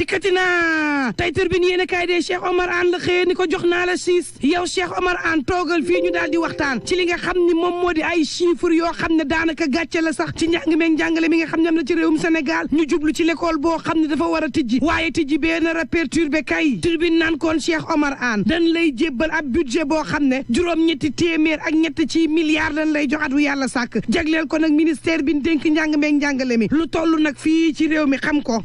dikkati naa tey turbine yéen a kaay dee Cheikh Omar Anne la xëyee ni ko jox naa la siis yow Cheikh Omar Anne toogal fii ñu daal di waxtaan ci li nga xam ni moom moo di ay chiffres yoo xam ne daanaka gàcce la sax ci njàng meeg njàngale mi nga xam ne am ci ci réewum senegal ñu jublu ci l'école boo xam ne dafa war a tijji waaye tijji bee nar a perturbé kay turbine naan koon Cheikh Omar Anne dañ lay jébbal ab budget boo xam ne juróom-ñetti téeméer ak ñett ci milliards dañ lay jox yàlla sàkk jagleel ko nag ministère bi dénk njàng meeg njàngale mi lu toll nag fii ci réew mi xam ko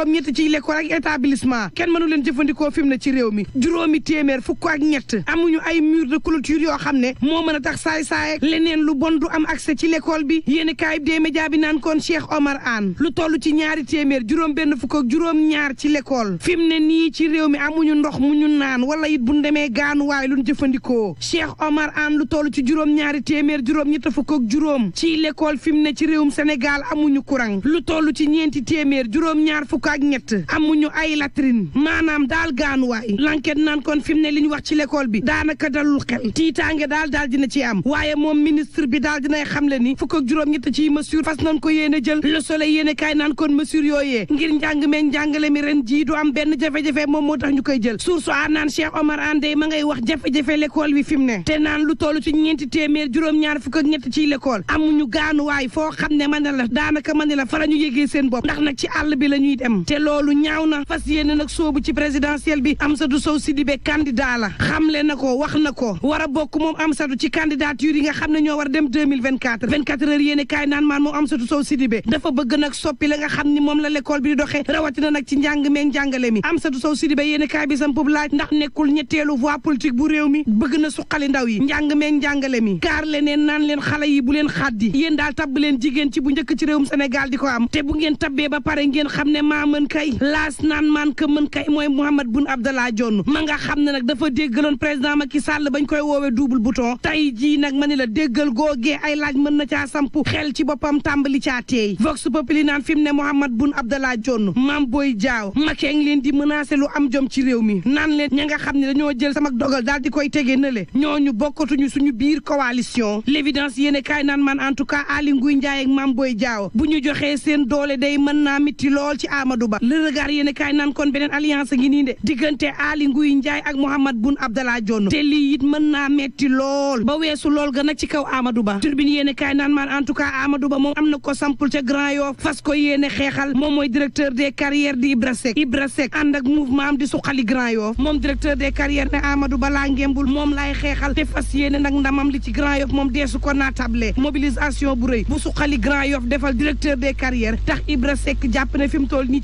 juróom-ñett ci lekkool ak établissement kenn mënu leen jëfandikoo fi mu ne ci réew mi juróomi téeméer fukk ak ñett amuñu ay mur de clôture yoo xam ne moo mën a tax saay-saay leneen lu bon du am accès ci lekkool bi yéen kaay bi média bi naan kon Cheikh Omar Anne lu toll ci ñaari téeméer juróom benn fukk ak juróom ci lekkool fi mu ne nii ci réew mi amuñu ndox mu ñu naan wala it bu demee gaanuwaay luñ jëfandikoo Cheikh Omar Anne lu toll ci juróom-ñaari téeméer juróom-ñett fukk ak juróom ci lekool fi mu ne ci réewum Sénégal amuñu courant lu toll ci ñeenti téeméer juróom-ñaar fukk ak ñett amuñu ay latrine maanaam daal gaanuwaay lanket naan kon fi mu ne li ñu wax ci lekkool bi daanaka dalul xel tiitaange daal daal na ci am waaye moom ministre bi daal dinay xamle ni fukk juróom-ñett ci mesure fas nañ ko yéene jël le soleil kaay naan kon mesure yooyee ngir njàng meeg njàngale mi ren jii am benn jafe-jafe moom moo tax ñu koy jël source a naan Cheikh Omar Andey ma ngay wax jafe-jafe l'école bi fi mu ne te naan lu toll ci ñeenti téeméer juróom-ñaar fukk ak ñett ci l'école amuñu gaanuwaay foo xam ne mën na la daanaka mën na la fa ñu yégee seen bopp ndax nag ci àll bi la ñuy dem am mm. te loolu ñaaw na fas yéene nag soobu ci présidentielle bi Amsatou Sow Sidibé candidat la xamle na ko wax na ko war a bokk moom Amsatou ci candidature yi nga xam ne ñoo war dem 2024 24 heures yéene kaay naan maan moom Amsatou Sow Sidibé dafa bëgg nag soppi la nga xam ni moom la l'école bi di doxee rawatina nag ci njàng meeg njàngale mi Amsatou Sow Sidibé yéene kaay bi sam pub laaj ndax nekkul ñetteelu voie politique bu réew mi bëgg na suqali ndaw yi njàng meeg njàngale mi kaar leneen naan leen xale yi bu leen xaddi yéen daal tabb leen jigéen ci bu njëkk ci réewum Sénégal di ko am bu ngeen tabbee ba pare ngeen xam ne maam mën kay laas naan maan ka mën kay mooy Mahammed Boun Abdallah jonn ma nga xam ne nag dafa déggaloon président Macky Sall bañ koy woowee double bouton tay jii nag ma ni la déggal googee ay laaj mën na caa samp xel ci boppam tàmbali caa teey vox populi naan fi mu ne Mahammed Boun Abdallah Dionne maam booy jaaw Macky ngi leen di menacer lu am jom ci réew mi naan leen ña nga xam ne dañoo jël sama dogal daal di koy tegee na le ñoo ñu bokkatuñu suñu biir coalition l'évidence yéene kaay naan man en tout cas Aly Ngouille maam booy jaaw bu ñu joxee seen doole day mën naa miti lool ci Amadou Amadou Ba le regard yéen kaay naan kon beneen alliance ngi nii de diggante Aly Ngouille Ndiaye ak Mahammed Boun Abdallah Dionne te lii it mën naa metti lool ba weesu lool ga ci kaw Amadou Ba turbine yéen kaay naan maan en tout cas Ba moom am ko sampul ca Grand Yoff fas ko yéene xeexal moom mooy directeur des carrières di Ibra Seck Ibra Seck ànd ak mouvement am di suqali Grand Yoff moom directeur des carrières ne Amadou Ba laa ngembul moom laay xeexal te fas yéene nag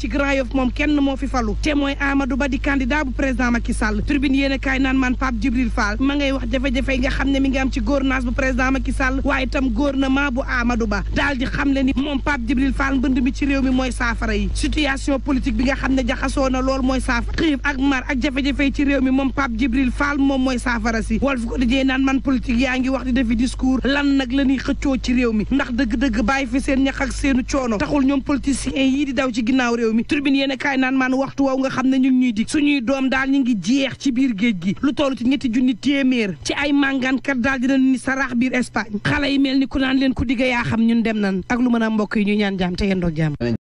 ci moom kenn moo fi falu te mooy Amadou Ba di candidat bu président Macky Sall tribune yéen a kaay naan man Pape Djibril Fall wax jafe-jafe nga xam ne mi ngi am ci gouvernance bu président Macky Sall waaye itam gouvernement bu Amadou Ba daal di xam le ni moom Pape Djibril Fall mbënd mi ci réew mi mooy saafara yi situation politique bi nga xam ne jaxasoo na lool mooy saafara xiif ak mar ci réew mi moom Pape Djibril Fall moom mooy saafara si Walf Quotidien naan man politique yaa ngi wax di defi discours lan nag la ñuy xëccoo ci réew mi ndax dëgg-dëgg bàyyi fi seen ñax ak seenu coono taxul ñoom politiciens yii di daw ci ginnaaw réew mi mi tribune yéen a kaay naan maan waxtu waw nga xam ne ñu ngi ñuy dig suñuy doom daal ñu ngi jeex ci biir géej gi lu toll ci ñetti junni téeméer ci ay màngaankat daal dina ni saraax biir Espagne xale yi mel ni ku naan leen ku digga yaa xam ñun dem na ak lu mën a mbokk yi ñu ñaan jaam te yendoog jaam